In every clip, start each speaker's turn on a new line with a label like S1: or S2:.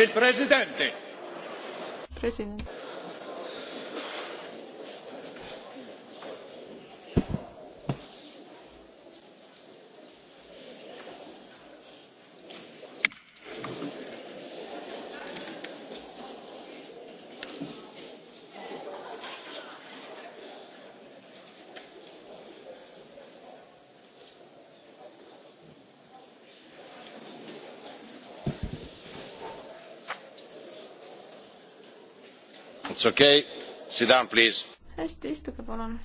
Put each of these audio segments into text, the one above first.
S1: il presidente. president. It's okay. Sit down, please. hästi, istuge palun.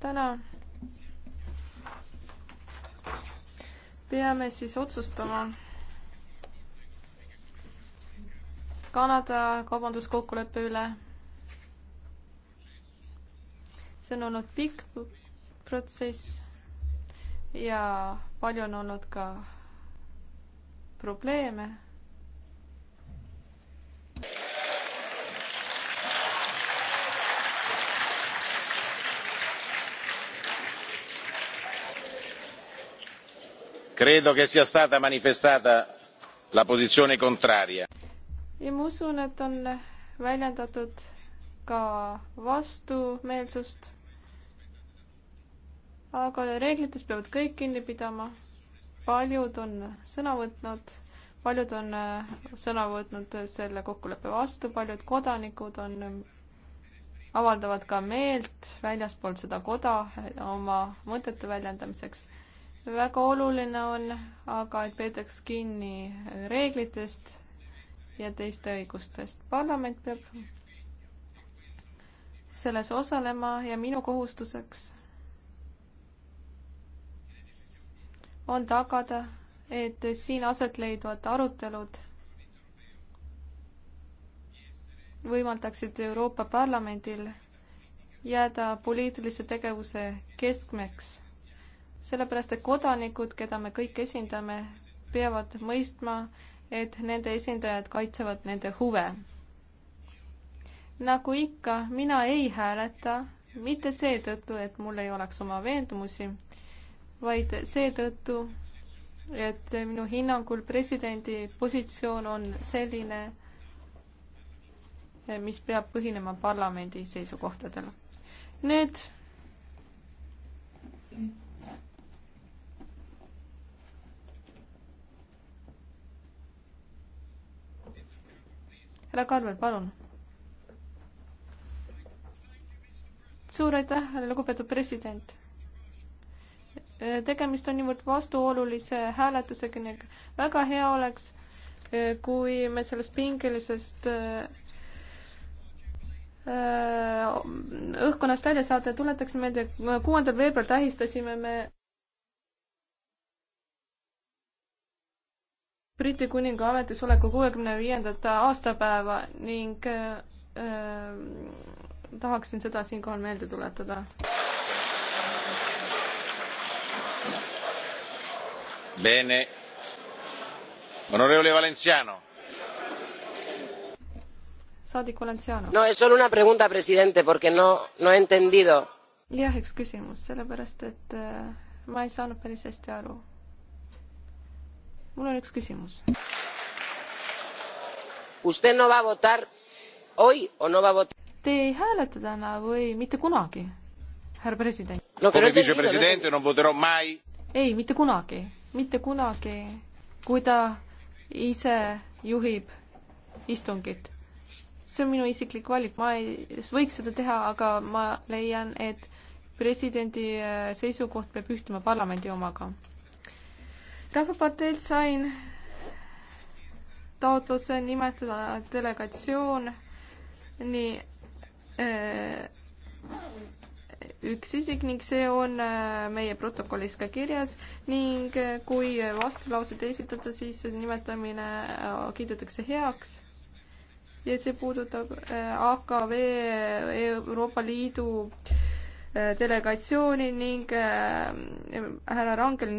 S1: tänan. peame siis otsustama Kanada kaubanduskokkuleppe üle. see on olnud pikk protsess ja palju on olnud ka probleeme credo che sia stata manifestata la posizione contraria. ja ma usun et on väljendatud ka vastumeelsust aga reeglitest peavad kõik kinni pidama. paljud on sõna võtnud, paljud on äh, sõna võtnud selle kokkuleppe vastu, paljud kodanikud on, ähm, avaldavad ka meelt väljaspool seda koda oma mõtete väljendamiseks väga oluline on aga, et peetaks kinni reeglitest ja teiste õigustest. parlament peab selles osalema ja minu kohustuseks on tagada, et siin aset leidvad arutelud võimaldaksid Euroopa Parlamendil jääda poliitilise tegevuse keskmeks sellepärast, et kodanikud, keda me kõik esindame, peavad mõistma, et nende esindajad kaitsevad nende huve. nagu ikka, mina ei hääleta mitte seetõttu, et mul ei oleks oma veendumusi, vaid seetõttu, et minu hinnangul presidendi positsioon on selline, mis peab põhinema parlamendi seisukohtadel. nüüd härra Kalvel, palun. suur aitäh, lugupeetud president. tegemist on niivõrd vastuolulise hääletusega ning väga hea oleks, kui me sellest pingelisest äh, õhkkonnast välja saate, tuletaks meelde, kuuendal veebruaril tähistasime me Briti kuninga ametisoleku kuuekümne viiendat aastapäeva ning äh, äh, tahaksin seda siinkohal meelde tuletada. Bene. Onorevole Valenciano. Saadik Valenciano. No, es solo una pregunta, presidente, porque no, no he entendido. jah, üks küsimus, sellepärast et äh, ma ei saanud päris hästi aru mul on üks küsimus. No hoy, no Te ei hääleta täna või mitte kunagi, härra president no,? ei, mitte kunagi, mitte kunagi, kui ta ise juhib istungit. see on minu isiklik valik, ma ei võiks seda teha, aga ma leian, et presidendi äh, seisukoht peab ühtima parlamendi omaga rahvaparteilt sain taotluse nimetada delegatsioon nii äh, üks isik ning see on äh, meie protokollis ka kirjas ning äh, kui vastulaused esitada, siis see nimetamine kiidetakse heaks. ja see puudutab AKV Euroopa Liidu delegatsiooni ning härra Rangeli